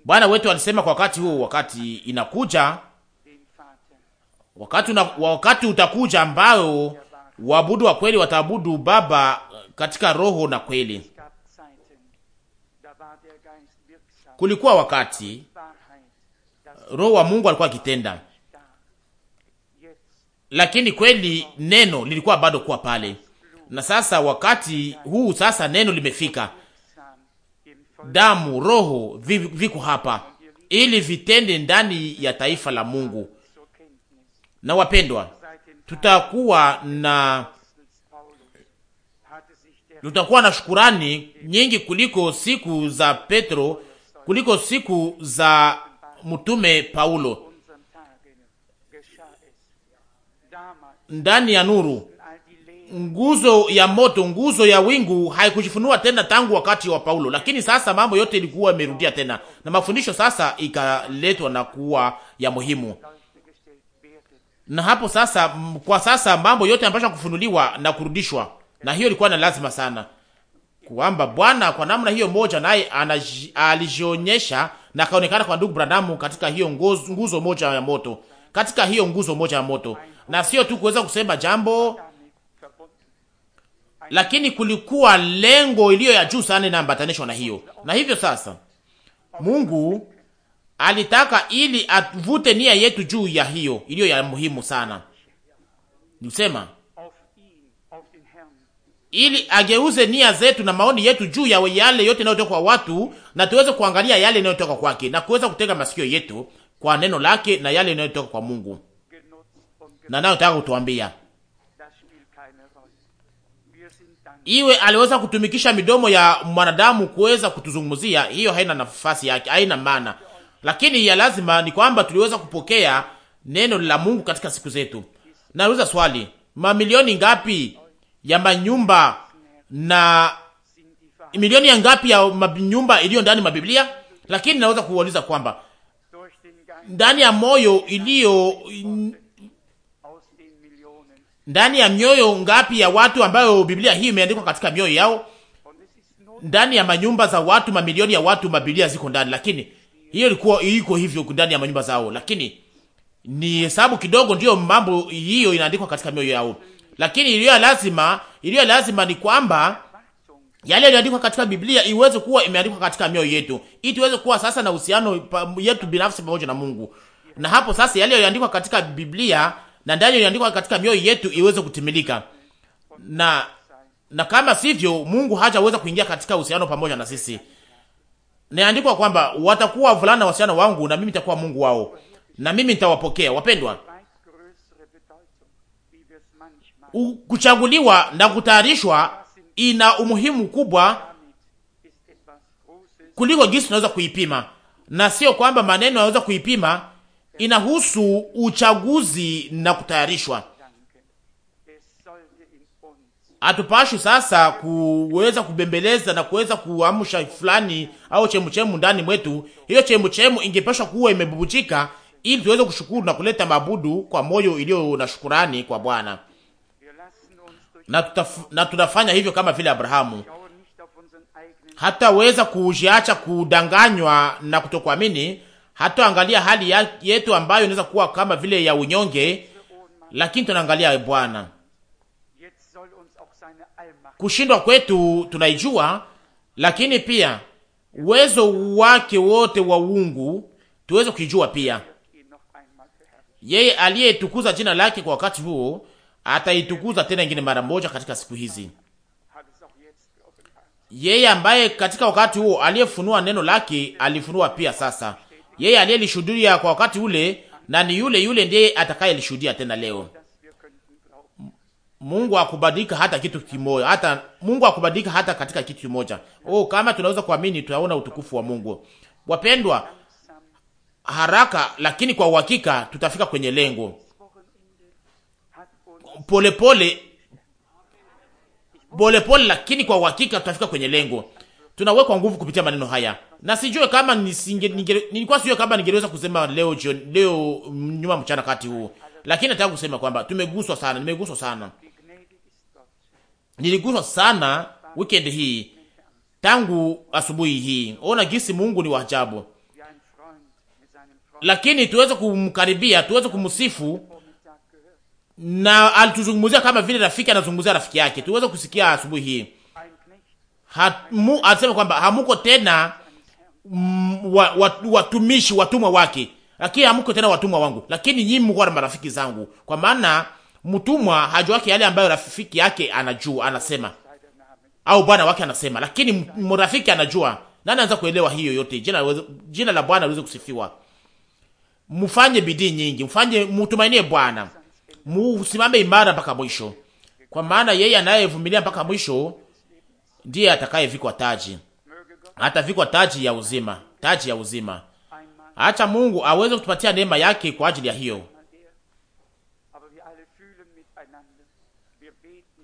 Bwana wetu alisema kwa wakati huo, wakati inakuja, wakati, una, wakati utakuja ambayo waabudu wa kweli wataabudu Baba katika roho na kweli. Kulikuwa wakati Roho wa Mungu alikuwa akitenda lakini kweli neno lilikuwa bado kuwa pale, na sasa wakati huu sasa neno limefika, damu, roho viko hapa ili vitende ndani ya taifa la Mungu. Na wapendwa, tutakuwa na tutakuwa na shukurani nyingi kuliko siku za Petro, kuliko siku za mtume Paulo ndani ya nuru, nguzo ya moto, nguzo ya wingu haikujifunua tena tangu wakati wa Paulo, lakini sasa mambo yote ilikuwa imerudia tena, na mafundisho sasa ikaletwa na kuwa ya muhimu. Na hapo sasa, kwa sasa mambo yote yanapaswa kufunuliwa na kurudishwa, na hiyo ilikuwa na lazima sana kwamba Bwana kwa namna hiyo moja naye alijionyesha na akaonekana kwa ndugu Branham katika hiyo nguzo, nguzo moja ya moto, katika hiyo nguzo moja ya moto, na sio tu kuweza kusema jambo, lakini kulikuwa lengo iliyo ya juu sana inaambatanishwa na hiyo. Na hivyo sasa Mungu alitaka ili avute nia yetu juu ya hiyo iliyo ya muhimu sana, ni ili ageuze nia zetu na maoni yetu juu ya yale yote yanayotoka kwa watu, na tuweze kuangalia yale yanayotoka kwake na kuweza kutega masikio yetu kwa neno lake na yale yanayotoka kwa Mungu na nayo nataka kutuambia iwe aliweza kutumikisha midomo ya mwanadamu kuweza kutuzungumzia, hiyo haina nafasi yake, haina maana. Lakini ya lazima ni kwamba tuliweza kupokea neno la Mungu katika siku zetu. Nauliza swali, mamilioni ngapi ya manyumba na milioni ya ngapi ya manyumba iliyo ndani mabiblia? Lakini naweza kuuliza kwamba ndani ya moyo iliyo ndani ya mioyo ngapi ya watu ambayo Biblia hii imeandikwa katika mioyo yao, ndani ya manyumba za watu, mamilioni ya watu, mabilia ziko ndani, lakini hiyo ilikuwa iko hivyo ndani ya manyumba zao, lakini ni hesabu kidogo, ndiyo mambo hiyo inaandikwa katika mioyo yao. Lakini iliyo lazima, iliyo lazima ni kwamba yale yaliyoandikwa katika Biblia iweze kuwa imeandikwa katika mioyo yetu, ili tuweze kuwa sasa na uhusiano yetu binafsi pamoja na Mungu, na hapo sasa yale yaliyoandikwa katika Biblia na ndani iliandikwa katika mioyo yetu iweze kutimilika, na na kama sivyo, Mungu hajaweza kuingia katika uhusiano pamoja na sisi. Naandikwa kwamba watakuwa vulana wasichana wangu na mimi nitakuwa Mungu wao na mimi nitawapokea. Wapendwa, kuchaguliwa na kutayarishwa ina umuhimu kubwa kuliko jinsi tunaweza kuipima, na sio kwamba maneno yanaweza kuipima, inahusu uchaguzi na kutayarishwa. hatupashwi sasa kuweza kubembeleza na kuweza kuamsha fulani au chemuchemu ndani mwetu. Hiyo chemuchemu ingepashwa kuwa imebubujika ili tuweze kushukuru na kuleta mabudu kwa moyo iliyo na shukurani kwa Bwana, na, tutaf, na tunafanya hivyo kama vile Abrahamu hataweza kujiacha kudanganywa na kutokuamini, hatuangalia hali yetu ambayo inaweza kuwa kama vile ya unyonge, lakini tunaangalia Bwana. Kushindwa kwetu tunaijua, lakini pia uwezo wake wote wa uungu tuweze kuijua pia. Yeye aliyetukuza jina lake kwa wakati huo ataitukuza tena ingine mara moja katika siku hizi. Yeye ambaye katika wakati huo aliyefunua neno lake alifunua pia sasa yeye aliyelishuhudia kwa wakati ule na ni yule yule ndiye atakayelishuhudia tena leo. Mungu akubadilika hata kitu kimoja, hata Mungu akubadilika hata katika kitu kimoja. Oh, kama tunaweza kuamini, tunaona utukufu wa Mungu. Wapendwa, haraka lakini kwa uhakika tutafika kwenye lengo. Polepole pole, lakini kwa uhakika tutafika kwenye lengo. Tunawekwa nguvu kupitia maneno haya na sijue kama nisinge, nilikuwa sijue kama ningeweza kusema leo jioni, leo mm, nyuma mchana kati huo, lakini nataka kusema kwamba tumeguswa sana, nimeguswa sana, niliguswa sana weekend hii tangu asubuhi hii. Ona gisi Mungu ni wajabu, lakini tuweze kumkaribia, tuweze kumsifu na alituzungumzia kama vile rafiki anazungumzia rafiki yake. Tuweze kusikia asubuhi hii, alisema kwamba hamuko tena Mm, watumishi watumwa wake, lakini hamko tena watumwa wangu, lakini nyinyi mko na marafiki zangu, kwa maana mtumwa yake yale ambayo rafiki yake anajua anasema, au bwana wake anasema, lakini mrafiki anajua. Nani anaweza kuelewa hiyo yote? Jina, jina la Bwana liweze kusifiwa. Mfanye bidii nyingi, mfanye mtumainie Bwana, musimame imara mpaka mwisho, kwa maana yeye anayevumilia mpaka mwisho ndiye atakayevikwa taji atavikwa taji ya uzima, taji ya uzima. Acha Mungu aweze kutupatia neema yake kwa ajili ya hiyo.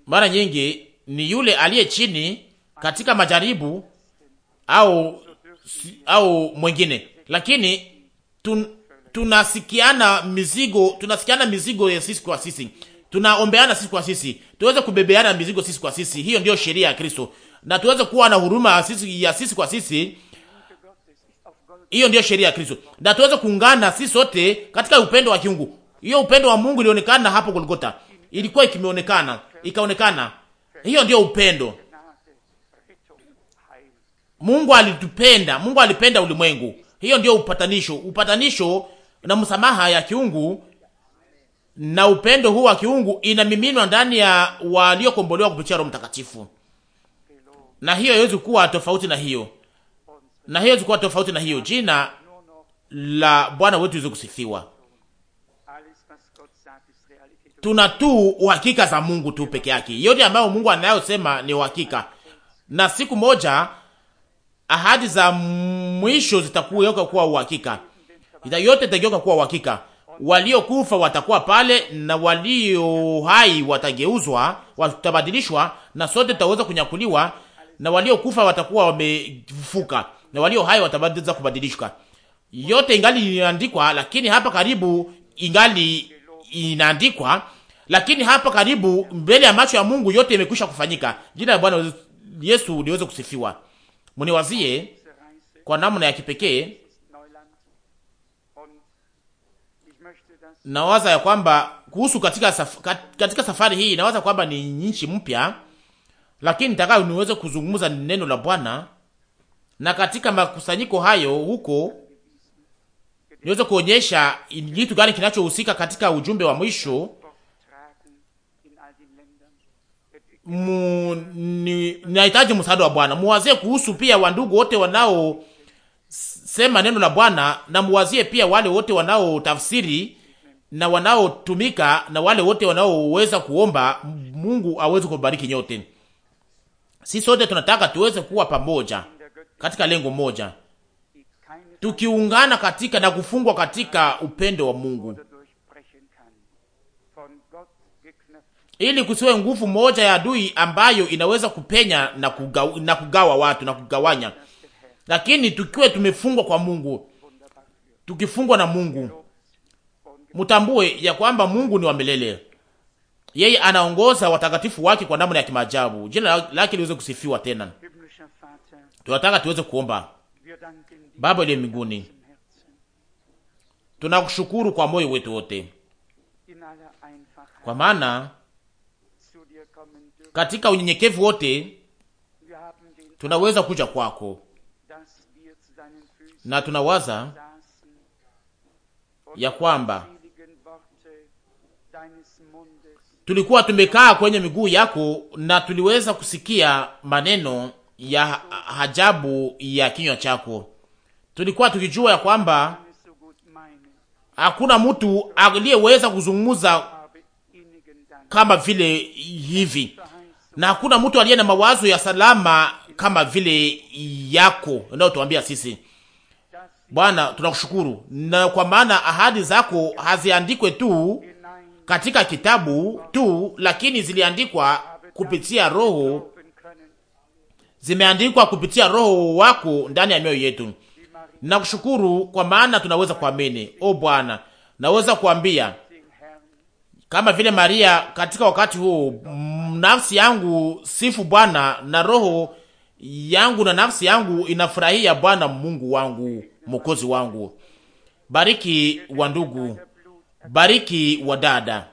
Mara nyingi ni yule aliye chini katika majaribu au au mwingine, lakini tun, tunasikiana mizigo, tunasikiana mizigo ya sisi kwa sisi, tunaombeana sisi kwa sisi, tuweze kubebeana mizigo sisi kwa sisi. Hiyo ndiyo sheria ya Kristo na tuweze kuwa na huruma ya sisi ya sisi kwa sisi. Hiyo ndiyo sheria ya Kristo, na tuweze kuungana sisi sote katika upendo wa kiungu. Hiyo upendo wa Mungu ilionekana hapo Golgota, ilikuwa ikimeonekana, ikaonekana. Hiyo ndiyo upendo. Mungu alitupenda, Mungu alipenda ulimwengu. Hiyo ndiyo upatanisho, upatanisho na msamaha ya kiungu na upendo huu wa kiungu inamiminwa ndani ya waliokombolewa kupitia Roho Mtakatifu na hiyo haiwezi kuwa tofauti na hiyo, na hiyo haiwezi kuwa tofauti na hiyo. Jina la Bwana wetu liweze kusifiwa. Tuna tu uhakika za Mungu tu peke yake, yote ambayo Mungu anayosema ni uhakika, na siku moja ahadi za mwisho zitakuwa kuwa uhakika, yote itageuka kuwa uhakika. Waliokufa watakuwa pale na walio hai watageuzwa, watabadilishwa, na sote tutaweza kunyakuliwa na waliokufa watakuwa wamefufuka na walio hai watabadilika kubadilishwa. Yote ingali inaandikwa, lakini hapa karibu ingali inaandikwa, lakini hapa karibu mbele ya macho ya Mungu yote imekwisha kufanyika. Jina la Bwana Yesu liweze kusifiwa. Mniwazie kwa namna ya kipekee, nawaza ya kwamba kuhusu katika saf, katika safari hii nawaza kwamba ni nchi mpya lakini nitaka niweze kuzungumza neno la Bwana na katika makusanyiko hayo huko niweze kuonyesha kitu gani kinachohusika katika ujumbe wa mwisho mu, ni, nahitaji msaada wa Bwana. Muwazie kuhusu pia wandugu wote wanao sema neno la Bwana, na muwazie pia wale wote wanao tafsiri na wanaotumika na wale wote wanaoweza kuomba. Mungu aweze kubariki nyote si sote tunataka tuweze kuwa pamoja katika lengo moja, tukiungana katika na kufungwa katika upendo wa Mungu, ili kusiwe nguvu moja ya adui ambayo inaweza kupenya na kugawa, na kugawa watu na kugawanya, lakini tukiwe tumefungwa kwa Mungu, tukifungwa na Mungu, mutambue ya kwamba Mungu ni wa milele yeye anaongoza watakatifu wake kwa namna ya kimaajabu. Jina lake liweze kusifiwa tena. Tunataka tuweze kuomba. Baba ile mbinguni, tunakushukuru kwa moyo wetu wote, kwa maana katika unyenyekevu wote tunaweza kuja kwako, na tunawaza ya kwamba tulikuwa tumekaa kwenye miguu yako na tuliweza kusikia maneno ya hajabu ya kinywa chako. Tulikuwa tukijua ya kwamba hakuna mtu aliyeweza kuzungumza kama vile hivi, na hakuna mtu aliye na mawazo ya salama kama vile yako unayotuambia sisi. Bwana, tunakushukuru na kwa maana ahadi zako haziandikwe tu katika kitabu tu, lakini ziliandikwa kupitia Roho, zimeandikwa kupitia Roho wako ndani ya mioyo yetu. Nakushukuru kwa maana tunaweza kuamini. O Bwana, naweza kuambia kama vile Maria katika wakati huu, nafsi yangu sifu Bwana na roho yangu na nafsi yangu inafurahia Bwana Mungu wangu mwokozi wangu. Bariki wa ndugu bariki wa dada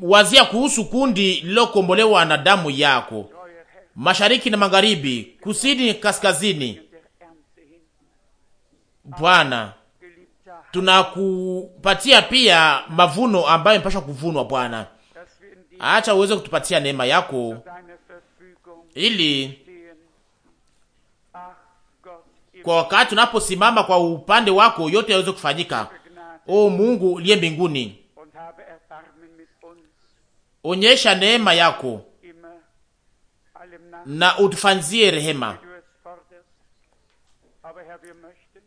wazia kuhusu kundi lilokombolewa na damu yako, mashariki na magharibi, kusini kaskazini. Bwana, tunakupatia pia mavuno ambayo imepashwa kuvunwa. Bwana, acha uweze kutupatia neema yako ili kwa wakati unaposimama kwa upande wako, yote yaweze kufanyika. O Mungu uliye mbinguni, onyesha neema yako na utufanzie rehema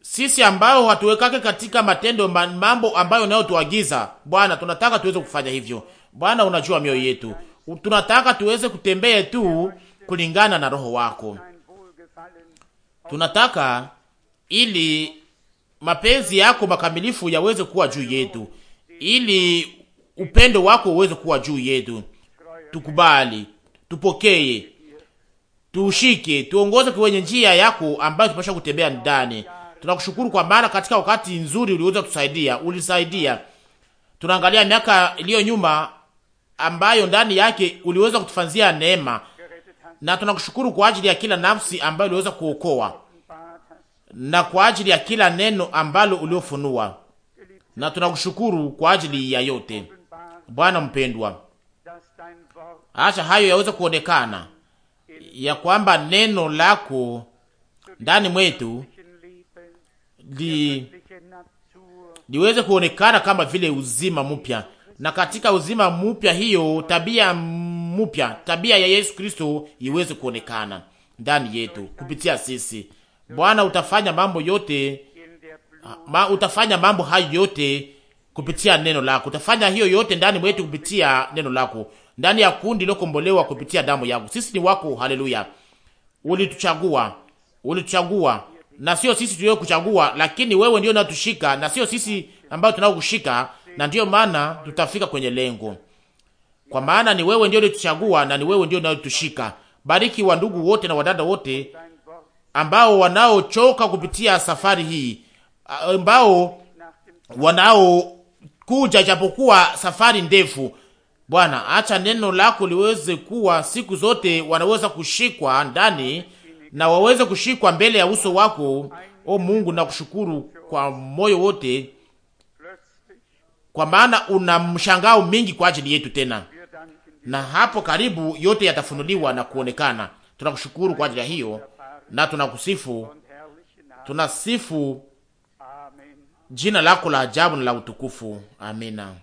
sisi ambao hatuwekake katika matendo mambo ambayo nayo tuagiza. Bwana. Tunataka tuweze kufanya hivyo Bwana, unajua mioyo yetu, tunataka tuweze kutembea tu kulingana na Roho wako tunataka ili mapenzi yako makamilifu yaweze kuwa juu yetu, ili upendo wako uweze kuwa juu yetu. Tukubali, tupokee, tuushike, tuongoze kwenye njia yako ambayo tupasha kutembea ndani. Tunakushukuru kwa maana katika wakati nzuri uliweza kutusaidia, ulisaidia. Tunaangalia miaka iliyo nyuma ambayo ndani yake uliweza kutufanzia neema na tunakushukuru kwa ajili ya kila nafsi ambayo uliweza kuokoa na kwa ajili ya kila neno ambalo uliofunua, na tunakushukuru kwa ajili ya yote. Bwana mpendwa, acha hayo yaweze kuonekana ya kwamba neno lako ndani mwetu li, liweze kuonekana kama vile uzima mpya, na katika uzima mpya hiyo tabia mupya, tabia ya Yesu Kristo iweze kuonekana ndani yetu kupitia sisi. Bwana, utafanya mambo yote ah, ma, utafanya mambo hayo yote kupitia neno lako, utafanya hiyo yote ndani mwetu kupitia neno lako, ndani ya kundi lokombolewa kupitia damu yako. Sisi ni wako, haleluya. Ulituchagua, ulituchagua na sio sisi tuliyo kuchagua, lakini wewe ndio unatushika na sio sisi ambao tunao kushika, na ndio maana tutafika kwenye lengo kwa maana ni wewe ndio ulituchagua na ni wewe ndio unayotushika. Bariki wa ndugu wote na wadada wote ambao wanaochoka kupitia safari hii, ambao wanaokuja, japokuwa safari ndefu. Bwana, acha neno lako liweze kuwa siku zote wanaweza kushikwa ndani na waweze kushikwa mbele ya uso wako. O Mungu, na kushukuru kwa moyo wote, kwa maana una mshangao mingi kwa ajili yetu tena na hapo karibu yote yatafunuliwa na kuonekana. Tunakushukuru kwa ajili ya hiyo na tunakusifu, tunasifu jina lako la ajabu na la utukufu. Amina.